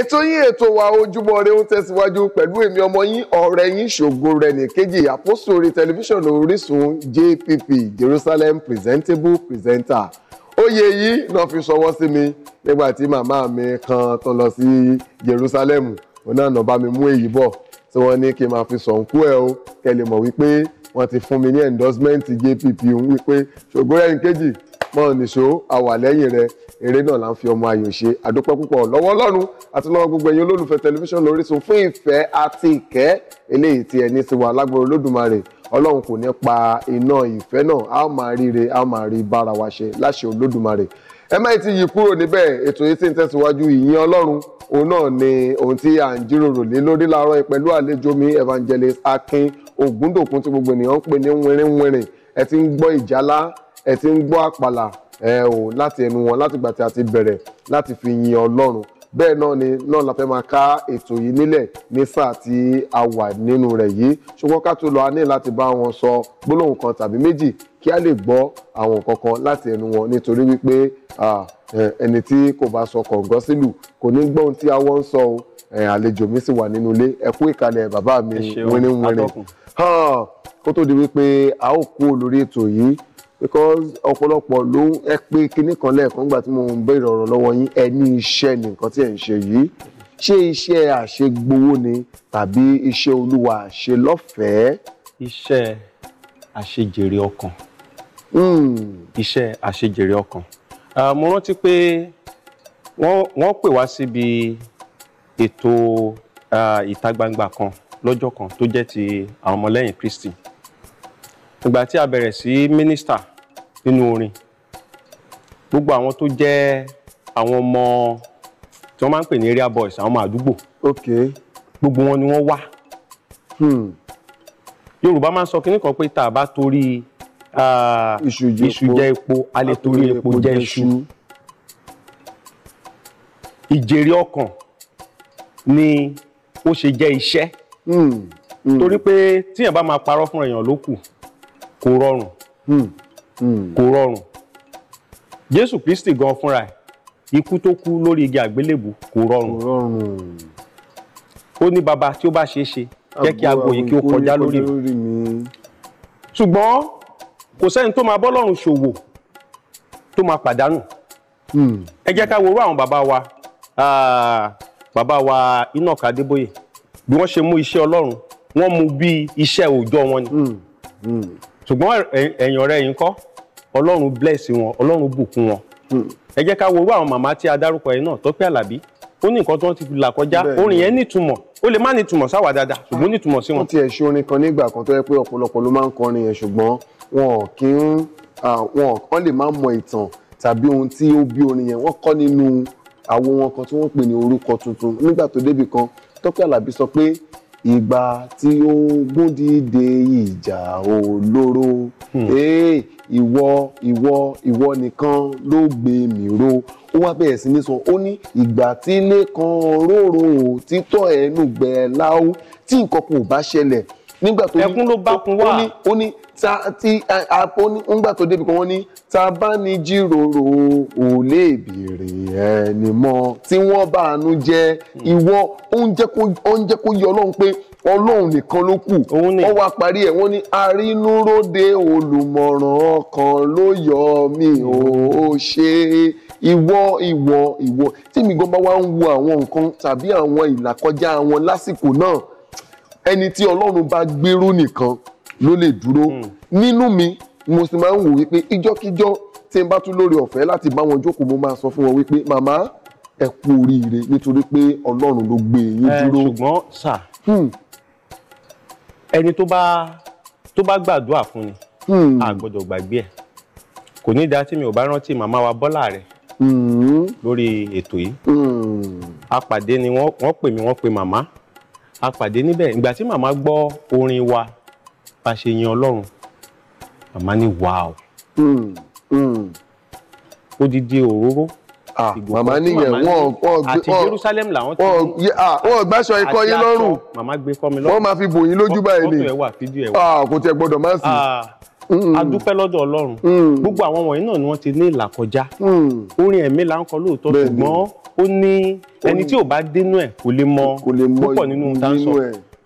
ètò yín ètò wa ojúmọ́ ire ń tẹ̀síwájú pẹ̀lú èmi ọmọ yín ọ̀rẹ́ yín ṣògo rẹ̀ nìkejì àpòsù orí tẹlifíṣàn Orísun JPP Jerusalem presentable presenter oyè yìí náà fi ṣọwọ́ sí mi nígbà tí màmá mi kan tó lọ sí Jerusalem òun náà nà bá mi mú èyí bọ̀ tí wọ́n ní kí n máa fi sọ̀nkú ẹ̀ o kẹ́ lè mọ̀ wípé wọ́n ti fún mi ní endorsement JPP wípé ṣògo rẹ̀ nìkejì mọ́ nìṣó àwà lẹ́yìn rẹ eré náà là ń fi ọmọ ayò ṣe àdúpẹ́ púpọ̀ lọ́wọ́ Ọlọ́run àti lọ́wọ́ gbogbo ẹ̀yin olólùfẹ́ tẹlifíṣàn Orísun fún ìfẹ́ àti ìkẹ́ eléyìí tí ẹni ti wà lágbára Olódùmarè Ọlọ́run kò ní pa iná ìfẹ́ náà a ó máa ríre a ó máa rí bára wa ṣe láṣẹ Olódùmarè ẹ má ti yí kúrò níbẹ̀ ètò yìí sì ń tẹ̀síwájú ìyìn Ọlọ́run òun náà ni ohun tí à ń jíròrò lé lórí láàárọ̀ yìí pẹ̀lú àlejò mi Evangelist Akin Ògúndòkun tí gbogbo ènìyàn ń pè ní wìrìwìrì ẹ ti ń gbọ́ ìjálá ẹ ti ń gbọ́ àpàlà ẹ o láti ẹnu wọn láti gbà tí a ti bẹ̀rẹ̀ láti fi yin ọlọ́run bẹ́ẹ̀ náà ni náà la fẹ́ máa ká ètò yìí nílẹ̀ ní sáà tí a wà nínú rẹ̀ yìí ṣùgbọ́n ká tó lọ a ní láti bá wọn sọ gbólóhùn kan tàbí méjì kí a lè gbọ́ àwọn nǹkan kan láti ẹnu wọn nítorí wípé ẹni tí kò bá sọ kọ̀ǹgọ́ sílù kò ní gbọ́ ohun tí awọ́ ń sọ o àlejò mi sì wà nínú ilé ẹ kú ìkàlẹ̀ bàbá mi wínníwínní kó tó di wípé a ó kú olórí ètò yìí because ọ̀pọ̀lọpọ̀ ló ń ẹ pé kinní kan lẹ́ẹ̀kan nígbà tí mo ń béèrè ọ̀rọ̀ lọ́wọ́ yín ẹ ní iṣẹ́ ni nǹkan tí ẹ̀ ń ṣe yìí ṣé iṣẹ́ àṣegbowó ni tàbí iṣẹ́ olúwa àṣe lọ́fẹ̀ẹ́. iṣẹ́ àṣejèrè ọkàn. Hmm. iṣẹ́ àṣejèrè ọkàn. mo rántí pé wọ́n pè wá síbi ètò ìta gbangba kan lọ́jọ́ kan tó jẹ́ ti àwọn ọmọlẹ́yìn Kristi ìgbà tí a bẹ̀rẹ̀ sí mínísítà nínú orin gbogbo àwọn tó jẹ́ àwọn ọmọ tí wọ́n máa ń pè ní area boys àwọn ọmọ àdúgbò gbogbo wọn ni wọ́n wá hmm. Yorùbá máa ń sọ kinní kan pé tá a bá torí iṣu jẹ epo a lè torí epo jẹ iṣu ìjèrè ọkàn ni ó ṣe jẹ́ iṣẹ́ hmm. Hmm. torí pé tíyẹn bá máa parọ́ fún èèyàn ló kù kò rọrùn. Mm. kò rọrùn jésù kristi gan fúnra ẹ̀ ikú tó kú lórí igi àgbélébù kò rọrùn ó ní baba tí ó bá ṣeé ṣe jẹ́ kí aago yìí kí ó kọjá lórí mi ṣùgbọ́n kò sẹ́ni tó máa bọ́lọ́run ṣòwò tó máa pàdánù mm. ẹ jẹ́ ká worú àwọn bàbá wa bàbá wa Enoch Adébóyè bí wọ́n ṣe mú iṣẹ́ ọlọ́run wọ́n mú bí iṣẹ́ òòjọ́ wọn ni mm. ṣùgbọ́n ẹ̀yìn ọ̀rẹ́ yìí ń kọ́ ọlọ́run bless wọn ọlọ́run bùkún wọn hmm. ẹ jẹ́ ká wo irú àwọn màmá tí a dárúkọ yìí náà Tọ́pẹ́ Àlàbí ó ní nǹkan tí wọ́n ti là kọjá orin yẹn nítumọ̀ ó lè má nítumọ̀ sáwà dáadáa ṣùgbọ́n nítumọ̀ sí wọn. wọ́n ti ẹ̀ ṣe orin kan nígbà kan tó yẹ pé ọ̀pọ̀lọpọ̀ ló máa ń kọrin yẹn ṣùgbọ́n wọn ò kí wọn kàn lè má mọ ìtàn tàbí ohun tí ó bí orin yẹn wọ́n kọ́ nínú àwo wọn kan tí wọ́n pè ní orúkọ tuntun nígbà tó débì kan Tọ́pẹ́ Àlàbí sọ pé ìgbà tí ogun dìde ìjà olóró hmm. ìwọ ìwọ ìwọ nìkan ló gbé mi ró ó wá bẹ̀rẹ̀ sí ní sọ ó ní ìgbà tí ilé kan róró títọ́ ẹnu gbẹ láwù tí nǹkan kan bá ṣẹlẹ̀ nígbà tó ní ẹkún ló bá kun wá ó ní ta ti àpò ńgbà tó débi kan wọ́n ní ta bá ní jíròrò ò lè béèrè ẹni mọ́ tí wọ́n bá nu jẹ́ ìwọ oúnjẹ kó yọ ọlọ́run pé ọlọ́run nìkan ló kù wọ́n wá parí ẹ̀ wọ́n ní arínúróde olùmọ̀ràn ọkàn ló yọ mí ò ṣe ìwọ ìwọ ìwọ tí mi gan bá wá ń wo àwọn nǹkan tàbí àwọn ìlàkọjá wọn lásìkò náà ẹni tí ọlọ́run bá gbèrú nìkan ló lè dúró hmm. nínú mi mo sì máa ń wò wípé ìjọ́kíjọ́ tí n bá tún lórí ọ̀fẹ́ láti bá wọn jókòó mo máa sọ fún wọn wípé màmá ẹ kú oríire nítorí pé ọlọ́run ló gbé yín eh, dúró. ṣùgbọ́n sà hmm. ẹni tó bá tó bá gbàdúrà fún ni hmm. a gbọ́dọ̀ gbàgbé ẹ̀ kò ní dáa tí mi ò bá rántí màmá wa bọ́là rẹ̀ lórí ètò yìí apàdé ni wọ́n pè mí wọ́n pe màmá apàdé níbẹ̀ ìgbà tí màmá gbọ́ orin wa bá ṣe yan ọlọ́run màmá ní wàá ó dídí òróró ah, màmá nìyẹn wọn wọn àti Jerusalem làwọn ti ní wọn gbàṣọ ikọ yín lọ́rùn màmá gbé kọ mi lọ́rùn wọn máa fi bò yín lójú báyìí ni fọ́tò ẹ wà fídíò ẹ wà ah, kò tẹ gbọ́dọ̀ má sí. Ah, hmm. a dúpẹ́ lọ́dọ̀ Ọlọ́run hmm. gbogbo àwọn wọ̀nyí náà ni wọ́n ti ní ìlàkọjá hmm. orin ẹ̀mí là ń kọ lóòótọ́ ṣùgbọ́n ó ní ẹni tí ò bá dénú ẹ̀ kò lè mọ púpọ̀ nínú tá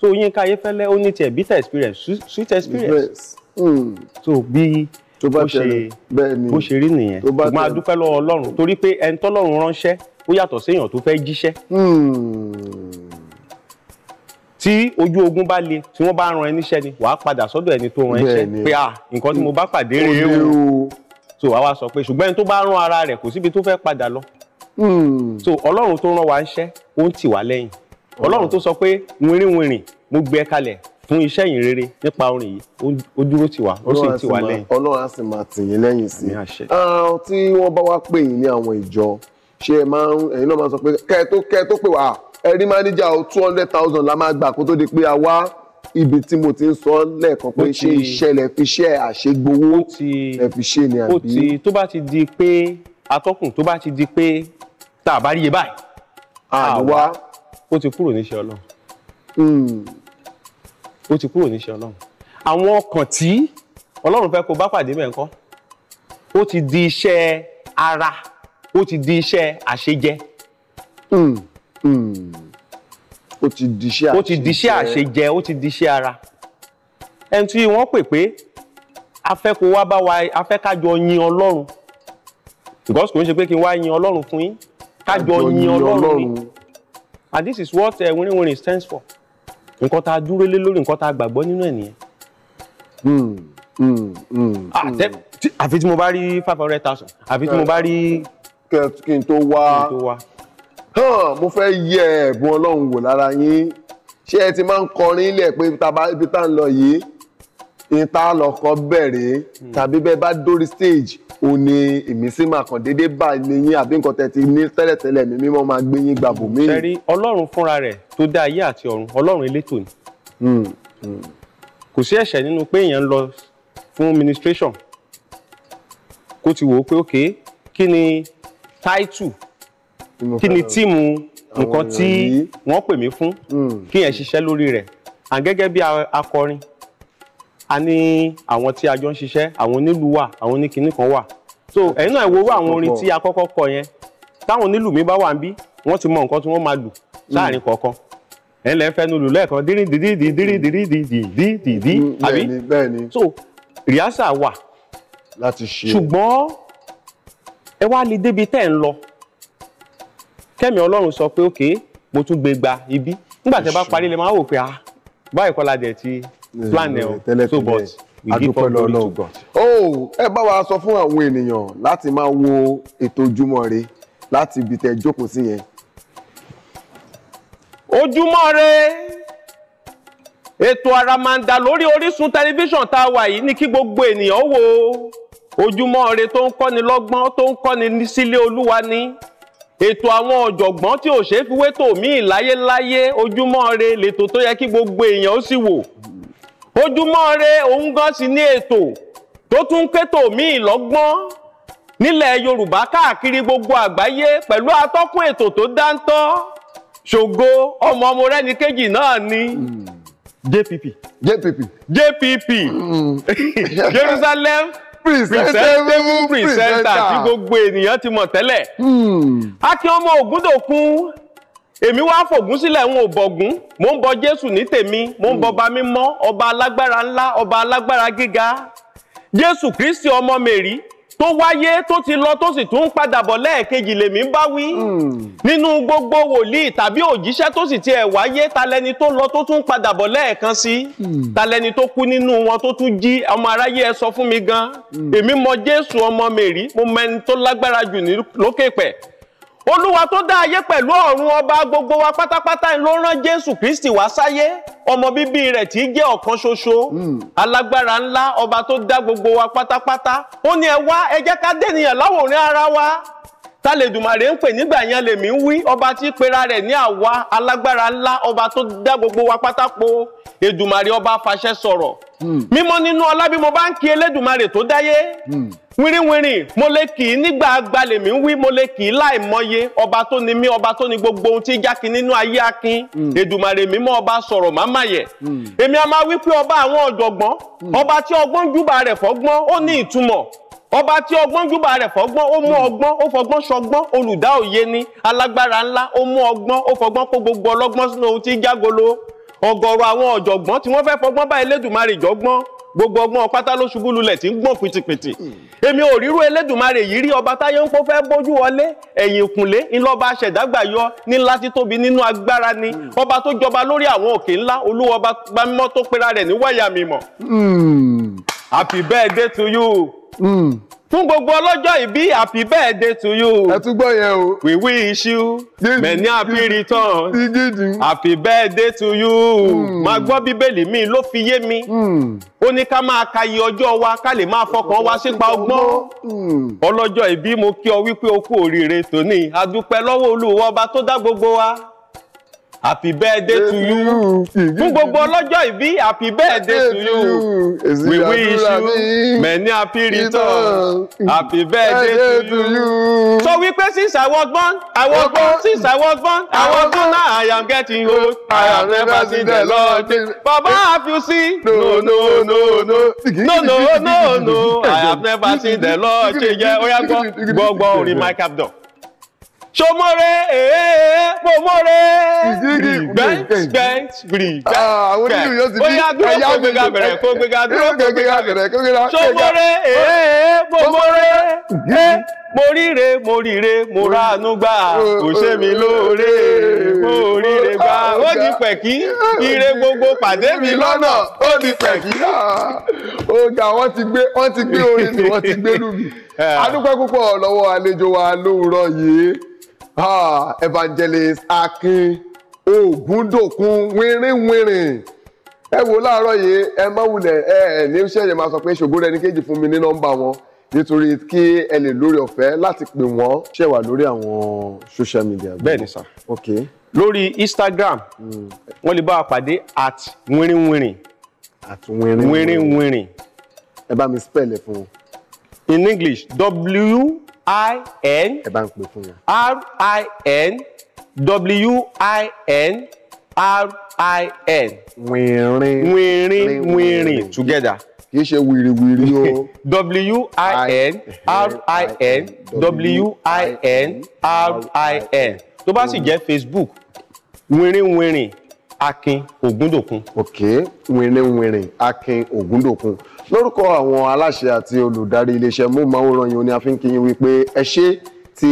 so Yínká Ayéfẹ́lẹ́ ó ní tiẹ̀ bitter experience sweet experience hmm. so bí ó ṣe bó ṣe rí nìyẹn ṣùgbọ́n a dúpẹ́ lọ́wọ́ Ọlọ́run torí pé ẹni tọ́lọ́run ránṣẹ́ ó yàtọ̀ séèyàn tó fẹ́ jíṣẹ́ hmm. tí ojú ogun bá le tí wọ́n bá ran ẹ níṣẹ́ ni wàá padà sọ́dọ̀ ẹni tó ran ẹṣẹ́ pé à ah, nǹkan tí mo bá pàdé rèé o so àwa sọ pé ṣùgbọ́n ẹni tó bá ran ara rẹ̀ kò síbi tó fẹ́ padà lọ hmm. so Ọlọ́run tó rán wa ń ṣẹ́ ó ń tì wá lẹ́yìn ọlọ́run tó sọ pé wìrìwìrì mo gbé ẹ kalẹ̀ fún iṣẹ́ yìí rere nípa orin yìí ó dúró tiwa ó sì tì wá lẹ́yìn. ọlọ́run á sì máa tì yín lẹ́yìn sí i. tí wọ́n bá wá pè yín ní àwọn ìjọ ṣé ẹ máa ń ẹ̀yin náà máa sọ pé kẹ́ tó kẹ́ tó pè wá ẹ rí o two hundred thousand la máa gbà kó tó di pé a wá ibi tí mo ti ń sọ lẹ́ẹ̀kan pé ṣé iṣẹ́ lẹ fi ṣe àṣegbowó lẹ fi ṣe ni àbí. tó bá ti di pé atọ́kùn tó bá ti di pé tá a bá rí iye báyìí. àwa ó ti kúrò níṣẹ́ ọlọ́run hmm. ó ti kúrò níṣẹ́ ọlọ́run àwọn ọkàn tí ọlọ́run fẹ́ kó bá pàdé mẹ́ńkọ́ ó ti di iṣẹ́ ara ó ti di iṣẹ́ àṣejẹ. Hmm. Hmm. ó ti di iṣẹ́ àṣejẹ ó ti di iṣẹ́ ara ẹni tí wọ́n pè pé a fẹ́ kó wá bá wa a fẹ́ kájọ yin ọlọ́run because ń ṣe pé kí n wá yin ọlọ́run fún yín kájọ yin ọlọ́run ni and this is what uh, eh, Winrin-Winrin stands for nǹkan tá a dúró lé lórí nǹkan tá a gbàgbọ́ nínú ẹ̀ nìyẹn. Hmm, hmm, hmm, ah, àfi tí mo bá rí five hundred thousand àfi tí mo bá rí. kí n tó wá mo fẹ́ yẹ ẹ̀bùn ọlọ́run wò lára yín ṣé ẹ ti máa ń kọrin ilé pé ibi tá ń lọ yìí ìta lọkọ bẹ̀rẹ̀ tàbí bẹ́ẹ̀ bá dórí stage ó ní ìmísí máa kàn déédéé bá níyìn àbí nǹkan tẹ̀ ti ní tẹ́lẹ̀tẹ́lẹ̀ mi mímọ́ máa gbé yín gbàgbọ́ mí. ṣe rí ọlọ́run fúnra rẹ̀ tó dá ayé àti ọ̀run ọlọ́run elétò ni hmm, hmm. kò sí ẹ̀ṣẹ̀ nínú pé èèyàn ń lọ fún ministration kó ti wò ó pé òkè kí ni táìtù kí ni tíìmù nǹkan tí wọ́n pè mí fún hmm. kí yẹn ṣiṣẹ́ lórí rẹ̀ à gẹ́gẹ́ bí akọrin a ní àwọn tí a jọ ń ṣiṣẹ́ àwọn onílù wà àwọn oníkinní kan wà so ẹ̀yin náà wo àwọn orin tí a kọ́kọ́ kọ yẹn táwọn onílù mi bá wà ń bí wọ́n ti mọ nǹkan tí wọ́n máa lù láàrin kọ̀ọ̀kan ẹ̀ ń lẹ́ fẹ́ nu lù lẹ́ẹ̀kan dírín dídí dírín dídí dídí dídí àbí so rìásà wà láti ṣe ṣùgbọ́n ẹ wá lè débi tẹ́ ẹ̀ ń lọ kẹ́mi ọlọ́run sọ pé ókè mo tún gbé gba ibi nígbà tẹ́ bá parí lè máa wò pé ah báyìí kọ́ la dẹ̀ ti Eh, plan ẹ o so but we give all glory to God. oh ẹ bá wa sọ fún àwọn ènìyàn láti máa wo ètò Ojúmọ́ Ire láti ibi tẹ́ jókòó sí yẹn. Ojúmọ́ Ire ètò àràmàǹdà lórí Orísun tẹlifíṣàn tá a wà yìí ní kí gbogbo ènìyàn wo Ojúmọ́ Ire tó ń kọ́ni lọ́gbọ́n tó ń kọ́ni sílé Olúwa ni ètò àwọn ọ̀jọ̀gbọ́n tí ò ṣeé fi wé tòmíì láyéláyé Ojúmọ́ Ire lètò tó yẹ kí gbogbo èèyàn ó sì wò ojúmọ́ re òun gan sì ní ètò tó tún kétò míì lọ́gbọ́n nílẹ̀ yorùbá káàkiri gbogbo àgbáyé pẹ̀lú atọ́kùn ètò tó dáńtọ́ ṣògo ọmọ ọmọ rẹ́ni kejì náà ni jpp jpp jpp mm. jerusalem presentable presenter tí gbogbo ènìyàn ti mọ̀ tẹ́lẹ̀ mm. akin ògúndòkun èmi wá fògún sílẹ̀ ń ò bọ̀gún mò ń bọ jésù ní tèmi mò ń bọba mímọ́ ọba alágbára ńlá ọba alágbára gíga jésù kristi ọmọ mèrí tó wáyé tó ti lọ tó sì tún ń padà bọ̀ lẹ́ẹ̀kejì lèmi ń bá wí hmm. nínú gbogbo wòlíì tàbí òjíṣẹ́ tó sì tiẹ̀ wáyé ta lẹni tó lọ tó tún padà bọ̀ lẹ́ẹ̀kan sí hmm. ta lẹni tó kú nínú wọn tó tún jí ọmọ aráyé ẹ sọ fún mi gan hmm. èmi mọ jésù ọmọ mèrí mo mọ ẹni tó lágbára jù ní lókè pẹ̀ olúwa tó dá ayé pẹ̀lú ọ̀run ọba gbogbo wa pátápátá ló rán jésù kristi wá sáyé ọmọ bíbí rẹ̀ tí í jẹ́ ọ̀kan ṣoṣo hmm. alágbára ńlá ọba tó dá gbogbo wa pátápátá ó ní ẹ wá ẹ jẹ́ ká dènìyàn láwòrán ara wa ta lè dùmàrè ń pè nígbà yẹn lèmi ń wí ọba tí pera rẹ̀ ní àwa alágbára ńlá ọba tó dá gbogbo wa pátápò èdùmàrè ọba fàṣẹ sọ̀rọ̀ Hmm. mímọ́ nínú ọlá bí mo bá ń kí elédùnmarè tó dáyé hmm. wìrìwìrì mo lè kì í nígbà gbalẹ̀ mi ń wí mo lè kì í láì mọye ọba tó ni mí ọba tó ni gbogbo ohun tí jákin nínú ayé akin hmm. èdùmarè mímọ́ ọba sọ̀rọ̀ máma yẹ èmi a máa wí pé ọba àwọn ọ̀jọ̀gbọ́n ọba tí ọgbọ́n júbà rẹ̀ fọ́gbọ́n ó ní ìtumọ̀ ọba tí ọgbọ́n júbà rẹ̀ fọ́gbọ́n ó mú ọgbọ́n ó fọgbọ́n ṣọgbọ́n olùdá òye ni alágbára ńlá ó mú ọgbọ́n ó fọgbọ́n kó gbogbo ọlọ́gbọ́n sínú ohun tí jágolo ọ̀gọ̀rọ̀ àwọn ọ̀jọ̀gbọ́n tí wọ́n fẹ́ fọgbọ́n bá Elédùmarè jọgbọ́n gbogbo ọgbọ́n pátá ló ṣubú lulẹ̀ tí ń gbọ̀n pìtìpìtì èmi ò ríru Elédùmarè yìí rí ọba táyé ń pọ́ fẹ́ bójú wọlé ẹ̀yìn ìkùnlé ńlọba aṣẹ̀dágbà yọ ní ńlá títóbi nínú agbára ni ọba tó jọba lórí àwọn òkè ńlá olúwa ọba tó pera rẹ̀ ní wáyà mímọ́. Hmm. Happy birthday to you. Mm fún gbogbo ọlọ́jọ́ ìbí happy birthday to you. ẹ tún gbọ́ yẹn o. we wish you many happy returns happy birthday to you. Hmm. máa gbọ́ bíbélì mi ló fi yé mi. Hmm. ó ní ká máa ka iye ọjọ́ wa ká lè máa fọkàn wa sípa ọgbọ́n. Hmm. ọlọ́jọ́ ìbí mo kí ọ wípé o kú oríire tòní a dúpẹ́ lọ́wọ́ Olúwa tó dá gbogbo wa happy birthday to you fún gbogbo ọlọ́jọ́ ìbí happy birthday to you we wish you many happy returns happy birthday to you. sọ wípé since I was born I was born since I was born I was born now I am getting old I have never seen the Lord baba have you seen no no no no no no no no I have never seen the Lord ṣe jẹ́ ó yá gbọ́ gbọ́ orin Mike Abdul. Ṣomọ́rẹ́ èèyàn mọ́mọ́rẹ́ gbẹ̀ǹs gbẹ̀ǹs gbẹ̀ǹs. Àwọn onílù yóò ti bí ẹ̀yà gbẹ̀gà bẹ̀rẹ̀ kó gbẹ̀gà dúró kó gbẹ̀gà bẹ̀rẹ̀ kó gbẹ̀gà. Ṣomọ́rẹ́ èèyàn mọ́mọ́rẹ́ mo ríre mo ríre mo ráàánú gbà kò ṣe mí lóore mo ríre gbà ó di pẹ̀kí ire gbogbo pàdé mi lọ́nà ó di pẹ̀kí. ọ̀gá wọ́n ti gbé wọ́n ti gbé orin tí wọ́n ti gbé lùmí. Ah. a dúpẹ́ púpọ̀ lọ́wọ́ àlejò wa lówùúrọ̀ yìí evangelist akin ògúndòkun wínrínwínrín ẹ wo láàárọ̀ yìí ẹ má wulẹ̀ ẹ ẹ ní sẹ́yìn máa sọ pé ṣògo rẹ ní kéjì fún mi ní nọ́mbà wọn nítorí kí ẹ lè lórí ọ̀fẹ́ láti pè wọ́n ṣe wà lórí àwọn social media. bẹ́ẹ̀ni sá ok lórí instagram hmm. wọ́n lè bá wa pàdé at wínrínwínrín at wínrínwínrín ẹ bá mi spell ẹ fún un. in english w i n. ẹ bá ń pè fún wọn. r i n w i n r i n. wìnrin wìnrin wìnrin together. kì í ṣe wìrìwìrì o. w i n r i n w i n r i n tó bá sì jẹ́ facebook wìnrin wìnrin akin ògúndòkun. ok wìnrin wìnrin akin ògúndòkun lórúkọ àwọn aláṣẹ àti olùdarí iléeṣẹ́ móhùnmáwòrán yìí ni a fi ń kí yín wípé ẹ ṣé tí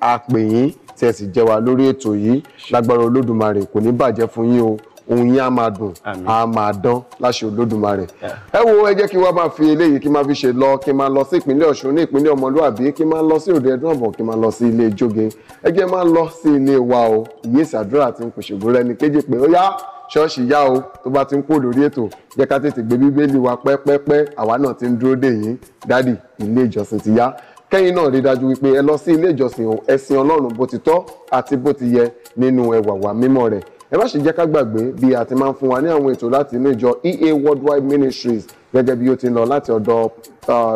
a pè yín tí ẹ sì jẹ wá lórí ètò yìí lágbára olódùmarè kò ní bàjẹ́ fún yín o ohun yín á máa dùn á máa dán láṣẹ olódùmarè. ẹ wo ẹ jẹ́ kí wá máa fi eléyìí kí máa fi ṣe lọ kí máa lọ sí ìpínlẹ̀ ọ̀ṣun ní ìpínlẹ̀ ọmọlúàbí kí máa lọ sí òde ẹdún àbọ̀ kí máa lọ sí ilé jóge ẹ jẹ́ máa lọ sí ilé wa o ìyèsí àdúrà àti nkùnṣègùn rẹ kéjì pé ó yá ṣọ́ọ̀ṣì yá o tó bá ti ń pò lórí ètò jẹ́ ká tètè gbé bíbélì wa pẹ́pẹ́pẹ́ àwa náà ti ń dúró dè yín dádì ilé ìjọsìn ti yá kẹ́yìn náà rí dájú wípé ẹ lọ sí ilé ìjọsìn ẹ̀sìn ọlọ́run bó ti tọ́ àti bó ti yẹ nínú ẹwà wà mímọ́ rẹ̀ ẹ má ṣe jẹ́ ká gbàgbé bí a ti máa ń fún wa ní àwọn ètò láti inú ìjọ EA Worldwide Ministries gẹ́gẹ́ bí ó ti lọ láti ọ̀dọ̀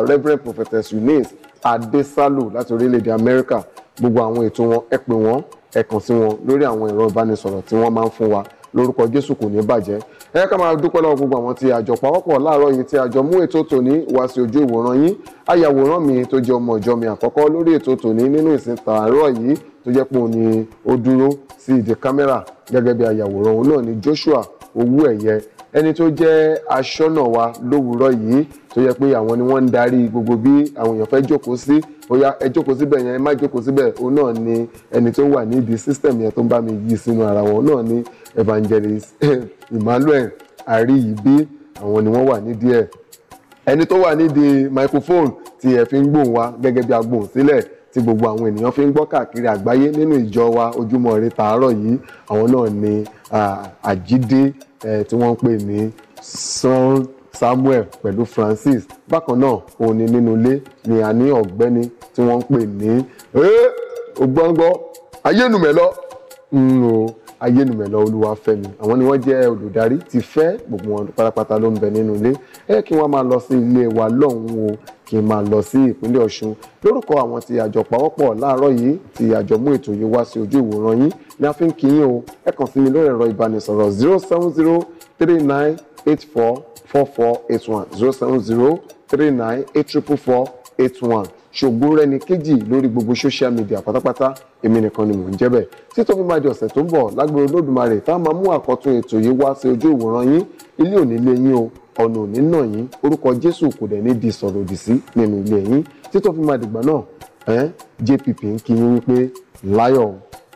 Reverend Prophetess Eunice Adesalu láti orílẹ̀-èdè Amẹ́ríkà gbogbo àwọn ètò wọn ẹ pè wọ́n ẹ kàn sí wọn lórí àwọn ẹ̀rọ ìbánisọ̀rọ̀ tí wọ́n máa ń fún wa lórúkọ jésù kò ní bàjẹ́ ẹ ká máa dúpẹ́ lọ́wọ́ gbogbo àwọn tí àjọ pawọ́pọ̀ láàárọ̀ yìí tí àjọ mú ètò tòní wá sí ojú ìwòran yín ayàwòrán mi tó jẹ́ ọmọ ìjọ mi àkọ́kọ́ lórí ètò tòní nínú ìsìn tààrọ̀ yìí tó jẹ́ pé òun ni ó dúró sí ìdí kámẹ́rà gẹ́gẹ́ bí ayàwòrán òun náà ni Joshua Owóẹ̀yẹ ẹni tó jẹ́ aṣọ́nà wa lówùúrọ̀ yìí tó yẹ pé àwọn ni wọ́n ń darí gbogbo bí àwọn èèyàn fẹ́ jókòó sí bóyá ẹ jókòó síbẹ̀ yẹn ẹ má jókòó síbẹ̀ òun náà ni ẹni tó wà nídìí system yẹn tó ń bá mi yí sínú ara wọn náà ni evangelist Emmanuel Ariyibi àwọn ni wọ́n wà nídìí ẹ̀ ẹni tó wà nídìí microphone tí ẹ fi ń gbóhùn wa gẹ́gẹ́ bí agbóhùn sílẹ̀ tí gbogbo àwọn ènìyàn fi ń gbọ́ káàkiri àgbáyé nínú ìjọ wa ojúmọ́ ire tààrọ̀ yìí àwọn náà ni àjídé tí wọ́n ń pè ní sun Samuel pẹ̀lú Francis bákan náà òun ni nínú ilé ni a ní ọ̀gbẹ́ni tí wọ́n ń pè ní eh, ògbọ́ngbọ́ ayélujára hmm, ayélujára olúwàfẹ́mi àwọn ni wọ́n jẹ́ olùdarí ti fẹ́ gbogbo wọn pátápátá ló ń bẹ nínú ilé ẹ kí wọ́n máa lọ sí ilé wa lọ́hùn-ún o kí n máa lọ sí ìpínlẹ̀ ọ̀ṣun lórúkọ àwọn tí àjọ pawọ́pọ̀ láàárọ̀ yìí tí àjọ mú ètò yìí wá sí ojú ìwòran yín ni a fi ń kí yín o ẹ kàn sí mi lórí ẹ̀rọ ìbánisọ̀rọ̀ zero seven zero three nine eight four four four eight one zero seven zero three nine eight triple four eight one ṣògbórẹ́ni kejì lórí gbogbo social media pátápátá èmi nìkan ni mò ń jẹ́ bẹ́ẹ̀ tí tó fi máa di ọ̀sẹ̀ tó ń bọ̀ lágbèrè olódùmarè tá a máa mú àkọ́tún ètò yìí wá sí ojú ìwòran yín ilé òní lé yín o ọ̀nà òní nà yín orúkọ jésù kò dẹ̀ ní di sọ̀rọ̀ òdì sí nínú ilé yín tí fi máa dìgbà náà jpp ń kí yín wípé láyọ̀